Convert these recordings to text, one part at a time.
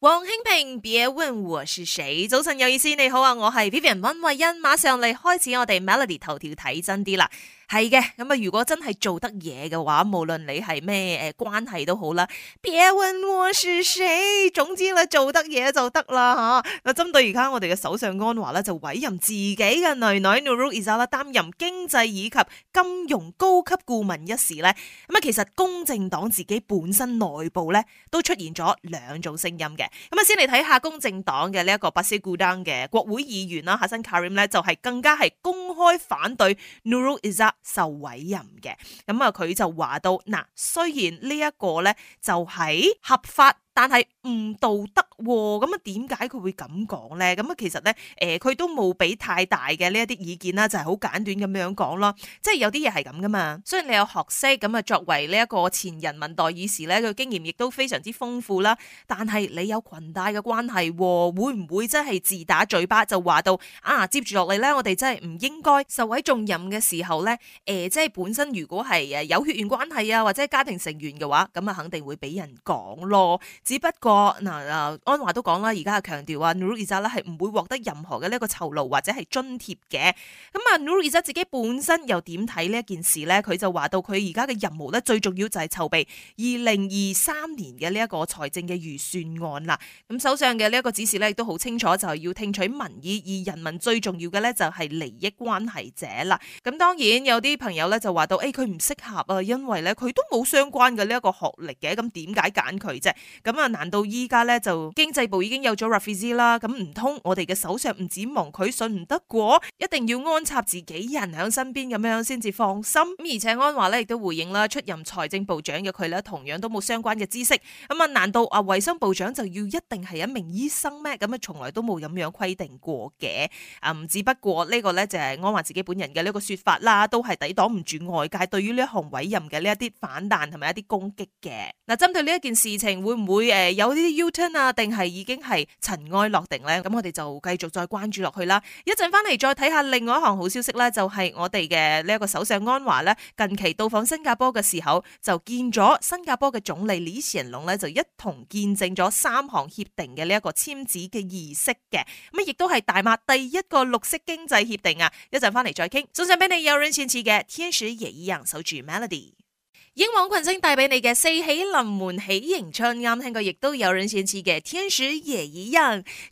王興平，別問我是誰。早晨有意思，你好啊，我係 Vivian 溫慧欣，馬上嚟開始我哋 Melody 頭條睇真啲啦。係嘅，咁啊，如果真係做得嘢嘅話，無論你係咩誒關係都好啦。別問我是誰，總之啦，做得嘢就得啦吓。啊，針對而家我哋嘅首相安華咧，就委任自己嘅女女 Nurul Isah 啦擔任經濟以及金融高級顧問一事咧。咁啊，其實公正黨自己本身內部咧都出現咗兩種聲音嘅。咁啊，先嚟睇下公正黨嘅呢一個不思故丹嘅國會議員啦，哈生 Karim 咧就係更加係公開反對 Nurul Isah。受委任嘅，咁啊，佢就話到嗱，雖然呢一個咧就喺合法。但係唔道德咁啊。點解佢會咁講咧？咁啊，其實咧，誒、呃，佢都冇俾太大嘅呢一啲意見啦，就係、是、好簡短咁樣講咯。即係有啲嘢係咁噶嘛。雖然你有學識，咁啊，作為呢一個前人民代議士咧，佢經驗亦都非常之豐富啦。但係你有裙帶嘅關係，會唔會真係自打嘴巴就話到啊？接住落嚟咧，我哋真係唔應該受委重任嘅時候咧，誒、呃，即係本身如果係誒有血緣關係啊，或者家庭成員嘅話，咁啊肯定會俾人講咯。只不過嗱嗱，安華都講啦，而家係強調啊 Newroz 啦係唔會獲得任何嘅呢一個酬勞或者係津貼嘅。咁啊，Newroz 自己本身又點睇呢一件事咧？佢就話到佢而家嘅任務咧，最重要就係籌備二零二三年嘅呢一個財政嘅預算案啦。咁首相嘅呢一個指示咧，亦都好清楚，就係要聽取民意，而人民最重要嘅咧就係利益關係者啦。咁當然有啲朋友咧就話到，誒佢唔適合啊，因為咧佢都冇相關嘅呢一個學歷嘅，咁點解揀佢啫？咁啊，難道依家咧就經濟部已經有咗 Rafizi 啦？咁唔通我哋嘅首相唔指望佢，信唔得過，一定要安插自己人喺身邊咁樣先至放心。咁而且安華咧亦都回應啦，出任財政部長嘅佢咧同樣都冇相關嘅知識。咁啊，難道阿衛生部長就要一定係一名醫生咩？咁啊，從來都冇咁樣規定過嘅。嗯，只不過呢，這個咧就係安華自己本人嘅呢個說法啦，都係抵擋唔住外界對於呢一項委任嘅呢一啲反彈同埋一啲攻擊嘅。嗱，針對呢一件事情，會唔會？誒有呢啲 U-turn 啊，定係已經係塵埃落定咧？咁我哋就繼續再關注落去啦。一陣翻嚟，再睇下另外一行好消息啦，就係、是、我哋嘅呢一個首相安華咧，近期到訪新加坡嘅時候，就見咗新加坡嘅總理李顯龍咧，就一同見證咗三項協定嘅呢一個簽字嘅儀式嘅。咁亦都係大馬第一個綠色經濟協定啊。一陣翻嚟再傾。送上俾你有韻千次嘅天使也一人守住 Melody 英皇群星帶俾你嘅《四喜臨門喜迎春》，啱聽過，亦都有人串詞嘅《天使夜已人》。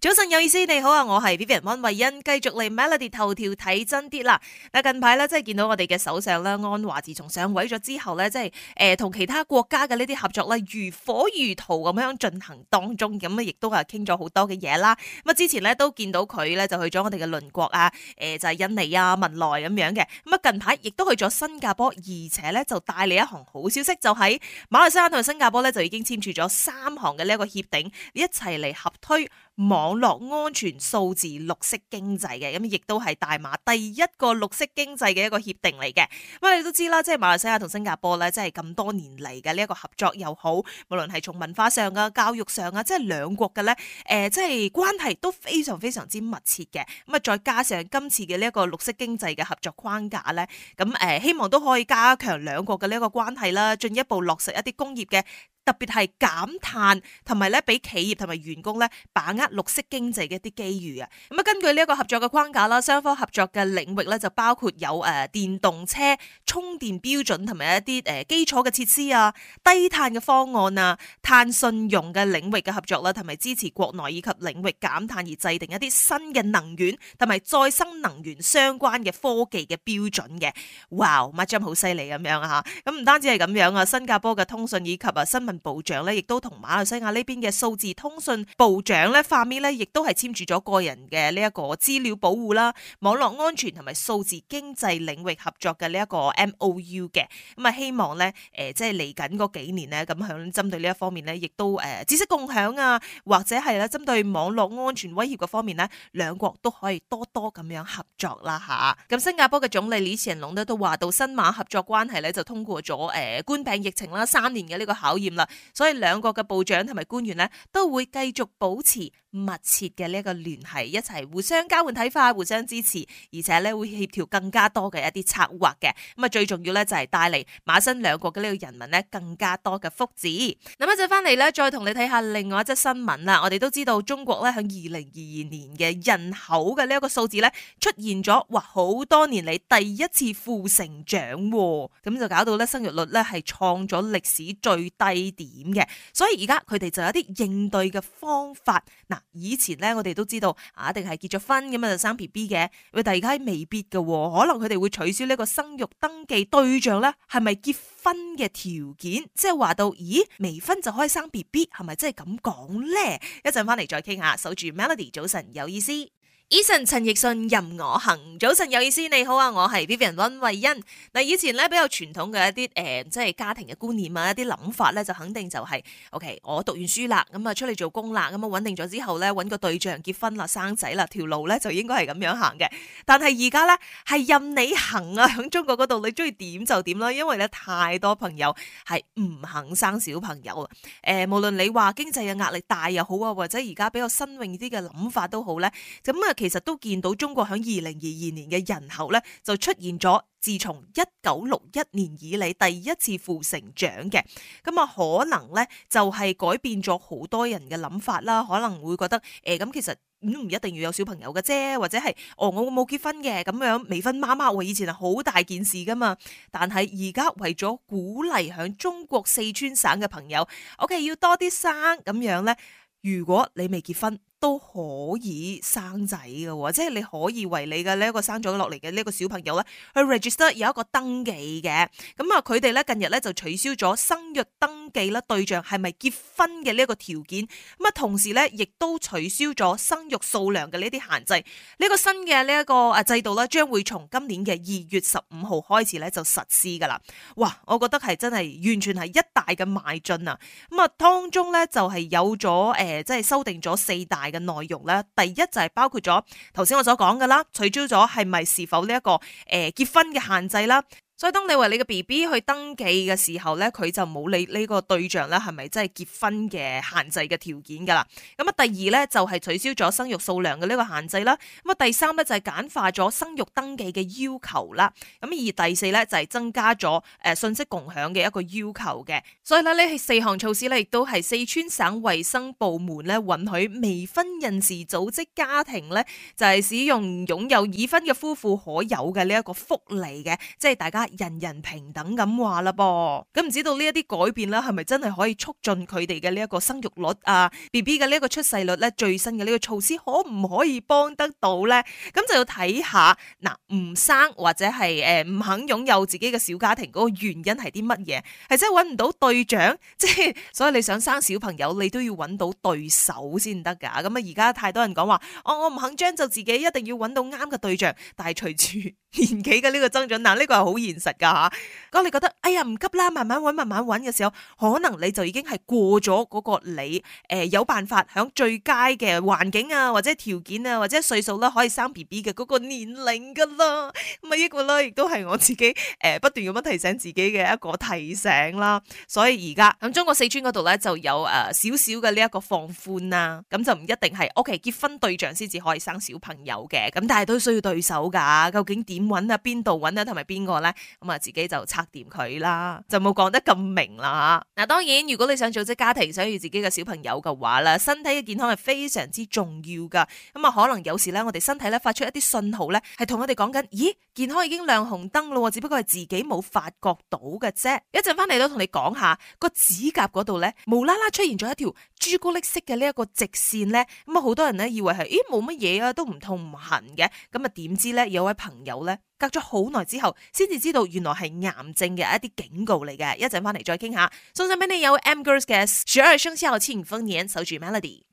早晨有意思，你好啊，我係 Vivian 溫慧欣，繼續嚟 Melody 頭條睇真啲啦。嗱，近排咧，即係見到我哋嘅首相咧，安華自從上位咗之後咧，即係誒，同、呃、其他國家嘅呢啲合作咧，如火如荼咁樣進行當中，咁啊，亦都係傾咗好多嘅嘢啦。咁啊，之前咧都見到佢咧就去咗我哋嘅鄰國啊，誒、呃、就係、是、印尼啊、文萊咁樣嘅。咁啊，近排亦都去咗新加坡，而且咧就帶嚟一行。好消息就喺馬來西亞同新加坡咧，就已經簽署咗三項嘅呢一個協定，一齊嚟合推。網絡安全、數字綠色經濟嘅。咁亦都係大馬第一個綠色經濟嘅一個協定嚟嘅。咁你都知啦，即係馬來西亞同新加坡咧，即係咁多年嚟嘅呢一個合作又好，無論係從文化上啊、教育上啊，即係兩國嘅咧，誒、呃，即係關係都非常非常之密切嘅。咁啊，再加上今次嘅呢一個綠色經濟嘅合作框架咧，咁誒，希望都可以加強兩國嘅呢一個關係啦，進一步落實一啲工業嘅。特別係減碳同埋咧，俾企業同埋員工咧，把握綠色經濟嘅一啲機遇啊！咁啊，根據呢一個合作嘅框架啦，雙方合作嘅領域咧就包括有誒電動車充電標準同埋一啲誒基礎嘅設施啊、低碳嘅方案啊、碳信用嘅領域嘅合作啦，同埋支持國內以及領域減碳而制定一啲新嘅能源同埋再生能源相關嘅科技嘅標準嘅。哇，Macam 好犀利咁樣啊！吓，咁唔單止係咁樣啊，新加坡嘅通訊以及啊新聞。部長咧，亦都同馬來西亞呢邊嘅數字通訊部長咧，方面咧，亦都係簽署咗個人嘅呢一個資料保護啦、網絡安全同埋數字經濟領域合作嘅呢一個 M O U 嘅。咁啊，希望咧，誒，即係嚟緊嗰幾年呢，咁響針對呢一方面呢亦都誒，知識共享啊，或者係咧，針對網絡安全威脅嘅方面呢，兩國都可以多多咁樣合作啦吓。咁新加坡嘅總理李顯龍呢都話到，新馬合作關係咧就通過咗誒，冠病疫情啦三年嘅呢個考驗。所以兩國嘅部長同埋官員咧，都會繼續保持密切嘅呢一個聯繫，一齊互相交換睇法，互相支持，而且咧會協調更加多嘅一啲策劃嘅。咁啊，最重要咧就係帶嚟馬新兩國嘅呢個人民呢，更加多嘅福祉。咁啊，再翻嚟咧，再同你睇下另外一則新聞啦。我哋都知道中國咧喺二零二二年嘅人口嘅呢一個數字咧出現咗，哇，好多年嚟第一次負成長，咁就搞到咧生育率咧係創咗歷史最低點嘅。所以而家佢哋就有啲應對嘅方法嗱。以前咧，我哋都知道啊，定係結咗婚咁啊，就生 B B 嘅。喂，但而家係未必嘅，可能佢哋會取消呢個生育登記對象咧，係咪結婚嘅條件？即係話到，咦，未婚就可以生 B B，係咪真係咁講咧？一陣翻嚟再傾下，守住 Melody 早晨，有意思。Eason 陳奕迅任我行，早晨有意思，你好啊，我係 Vivian 溫慧恩。嗱，以前咧比較傳統嘅一啲誒、呃，即係家庭嘅觀念啊，一啲諗法咧就肯定就係、是、，OK，我讀完書啦，咁啊出嚟做工啦，咁啊穩定咗之後咧，搵個對象結婚啦，生仔啦，條路咧就應該係咁樣行嘅。但係而家咧係任你行啊，響中國嗰度你中意點就點啦，因為咧太多朋友係唔肯生小朋友。誒、呃，無論你話經濟嘅壓力大又好啊，或者而家比較新穎啲嘅諗法都好咧，咁啊。其實都見到中國喺二零二二年嘅人口咧，就出現咗自從一九六一年以嚟第一次負成長嘅，咁啊可能咧就係改變咗好多人嘅諗法啦，可能會覺得誒咁、呃、其實唔、嗯、一定要有小朋友嘅啫，或者係哦我會冇結婚嘅咁樣未婚媽媽，我以前係好大件事噶嘛，但係而家為咗鼓勵響中國四川省嘅朋友，OK 要多啲生咁樣咧，如果你未結婚。都可以生仔嘅，即係你可以為你嘅呢一個生咗落嚟嘅呢個小朋友咧去 register 有一個登記嘅。噉啊，佢哋咧近日咧就取消咗生育登記啦，對象係咪結婚嘅呢一個條件，咁啊，同時咧亦都取消咗生育數量嘅呢啲限制。呢個新嘅呢一個啊制度咧，將會從今年嘅二月十五號開始咧就實施噶啦。哇，我覺得係真係完全係一大嘅邁進啊！咁啊，當中咧就係有咗誒，即係修訂咗四大嘅內容啦。第一就係包括咗頭先我所講噶啦，取消咗係咪是否呢一個誒結婚嘅限制啦。所以當你為你嘅 B B 去登記嘅時候咧，佢就冇你呢個對象咧係咪真係結婚嘅限制嘅條件㗎啦。咁啊，第二咧就係取消咗生育數量嘅呢個限制啦。咁啊，第三咧就係簡化咗生育登記嘅要求啦。咁而第四咧就係增加咗誒信息共享嘅一個要求嘅。所以咧，呢四項措施咧，亦都係四川省衛生部門咧允許未婚人士組織家庭咧，就係使用擁有已婚嘅夫婦可有嘅呢一個福利嘅，即係大家。人人平等咁話啦噃，咁唔知道呢一啲改變啦，係咪真係可以促進佢哋嘅呢一個生育率啊、B B 嘅呢一個出世率咧？最新嘅呢個措施可唔可以幫得到咧？咁就要睇下嗱，唔生或者係誒唔肯擁有自己嘅小家庭嗰個原因係啲乜嘢？係真係搵唔到對象，即係所以你想生小朋友，你都要搵到對手先得噶。咁啊，而家太多人講話，哦，我我唔肯將就自己，一定要搵到啱嘅對象。但係隨住年紀嘅呢個增長，嗱呢個係好嚴。實噶吓，咁你覺得哎呀唔急啦，慢慢搵，慢慢搵嘅時候，可能你就已經係過咗嗰個你誒、呃、有辦法響最佳嘅環境啊，或者條件啊，或者歲數啦、啊，可以生 B B 嘅嗰個年齡噶啦，咪依個啦，亦都係我自己誒、呃、不斷咁樣提醒自己嘅一個提醒啦。所以而家咁中國四川嗰度咧就有誒少少嘅呢一個放寬啊，咁就唔一定係 OK 結婚對象先至可以生小朋友嘅，咁但係都需要對手噶，究竟點搵啊，邊度搵啊，同埋邊個咧？咁啊，自己就拆掂佢啦，就冇講得咁明啦吓。嗱，當然如果你想組織家庭，想要自己嘅小朋友嘅話啦，身體嘅健康係非常之重要噶。咁啊，可能有時咧，我哋身體咧發出一啲信號咧，係同我哋講緊，咦？健康已經亮紅燈咯，只不過係自己冇發覺到嘅啫。一陣翻嚟都同你講下，個指甲嗰度咧，無啦啦出現咗一條朱古力色嘅呢一個直線咧，咁啊好多人咧以為係，咦冇乜嘢啊，都唔痛唔痕嘅，咁啊點知咧有位朋友咧隔咗好耐之後，先至知道原來係癌症嘅一啲警告嚟嘅。一陣翻嚟再傾下，送上俾你有 M Girls 嘅《Should I Shout》之後，千言烽煙守住 Melody。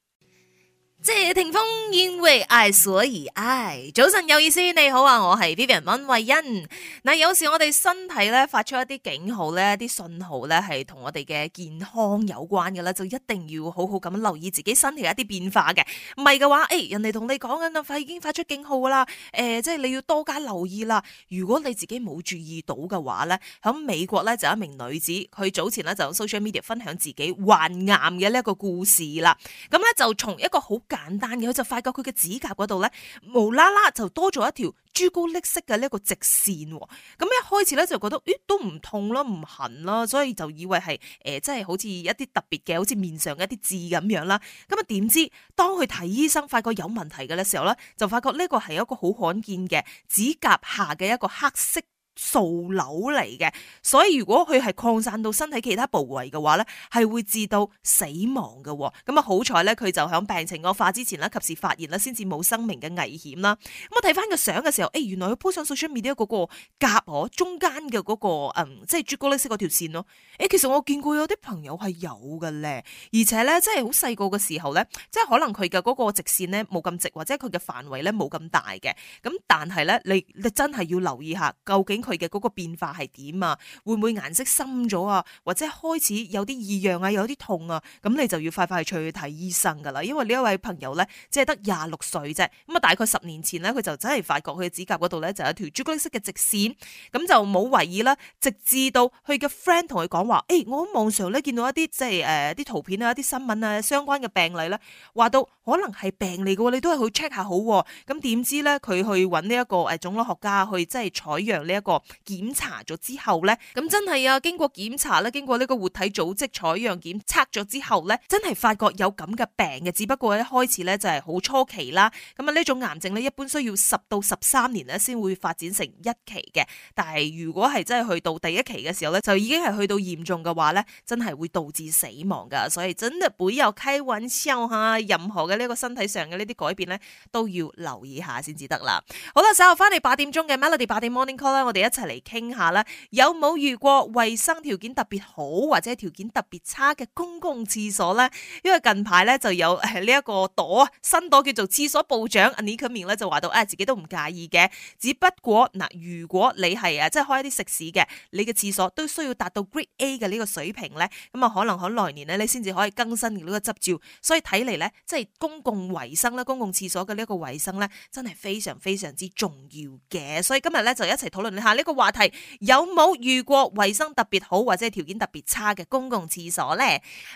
謝霆鋒因為愛，所以愛。早晨有意思，你好啊，我係 Vivian 溫慧欣。嗱、嗯，有時我哋身體咧發出一啲警號咧，啲信號咧係同我哋嘅健康有關嘅咧，就一定要好好咁留意自己身體一啲變化嘅。唔係嘅話，誒、哎，人哋同你講緊，肺已經發出警號啦。誒、呃，即、就、係、是、你要多加留意啦。如果你自己冇注意到嘅話咧，喺美國咧就有一名女子，佢早前咧就 social media 分享自己患癌嘅呢一個故事啦。咁、嗯、咧就從一個好。簡單嘅，佢就發覺佢嘅指甲嗰度咧，無啦啦就多咗一條朱古力色嘅呢個直線。咁一開始咧就覺得，咦，都唔痛咯，唔痕咯，所以就以為係誒、即、呃、係好似一啲特別嘅，好似面上一啲痣咁樣啦。咁啊，點知當佢睇醫生發覺有問題嘅時候咧，就發覺呢個係一個好罕見嘅指甲下嘅一個黑色。掃瘤嚟嘅。所以如果佢係擴散到身體其他部位嘅話咧，係會至到死亡嘅，哦。咁啊，好彩咧，佢就響病情惡化之前咧，及時發現啦，先至冇生命嘅危險啦。咁我睇翻個相嘅時候，誒、哎，原來佢鋪上 social media 出面啲嗰個甲殼中間嘅嗰、那個，嗯，即係朱古力色嗰條線咯。誒、哎，其實我見過有啲朋友係有嘅咧，而且咧，即係好細個嘅時候咧，即係可能佢嘅嗰個直線咧冇咁直，或者佢嘅範圍咧冇咁大嘅。咁但係咧，你你真係要留意下究竟。佢嘅嗰個變化係點啊？會唔會顏色深咗啊？或者開始有啲異樣啊？有啲痛啊？咁你就要快快去睇醫生噶啦。因為呢一位朋友咧，只係得廿六歲啫。咁、嗯、啊，大概十年前咧，佢就真係發覺佢嘅指甲嗰度咧就有、是、一條朱古力色嘅直線，咁、嗯、就冇懷疑啦。直至到佢嘅 friend 同佢講話：，誒、欸，我喺網上咧見到一啲即係誒啲圖片啊、一啲新聞啊，相關嘅病例咧，話到可能係病嚟嘅，你都係去 check 下好、啊。咁、嗯、點知咧，佢去揾呢一個誒腫瘤學家去即係採樣呢、這、一個。檢查咗之後咧，咁真係啊！經過檢查咧，經過呢個活體組織採樣檢測咗之後咧，真係發覺有咁嘅病嘅。只不過一開始咧就係好初期啦。咁啊，呢種癌症咧一般需要十到十三年咧先會發展成一期嘅。但係如果係真係去到第一期嘅時候咧，就已經係去到嚴重嘅話咧，真係會導致死亡噶。所以真係本有溪穩之後啊，任何嘅呢個身體上嘅呢啲改變咧，都要留意下先至得啦。好啦，稍後翻嚟八點鐘嘅 Melody 八點 Morning Call 啦，我哋。一齊嚟傾下啦，有冇遇過衛生條件特別好或者條件特別差嘅公共廁所咧？因為近排咧就有呢一個朵新朵叫做廁所部長倪可敏咧就話到啊、哎，自己都唔介意嘅，只不過嗱、呃，如果你係啊即係開一啲食肆嘅，你嘅廁所都需要達到 Grade A 嘅呢個水平咧，咁啊可能喺來年咧你先至可以更新嘅呢個執照。所以睇嚟咧，即係公共衛生啦，公共廁所嘅呢一個衛生咧，真係非常非常之重要嘅。所以今日咧就一齊討論下。呢個話題，有冇遇過衛生特別好或者條件特別差嘅公共廁所呢？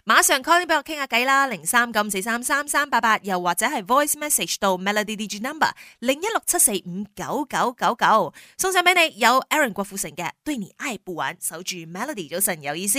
馬上 call 俾我傾下偈啦，零三九五四三三三八八，又或者係 voice message 到 melody DJ number 零一六七四五九九九九，送上俾你有 Aaron 郭富城嘅對你愛不完，守住 melody 早晨有意思。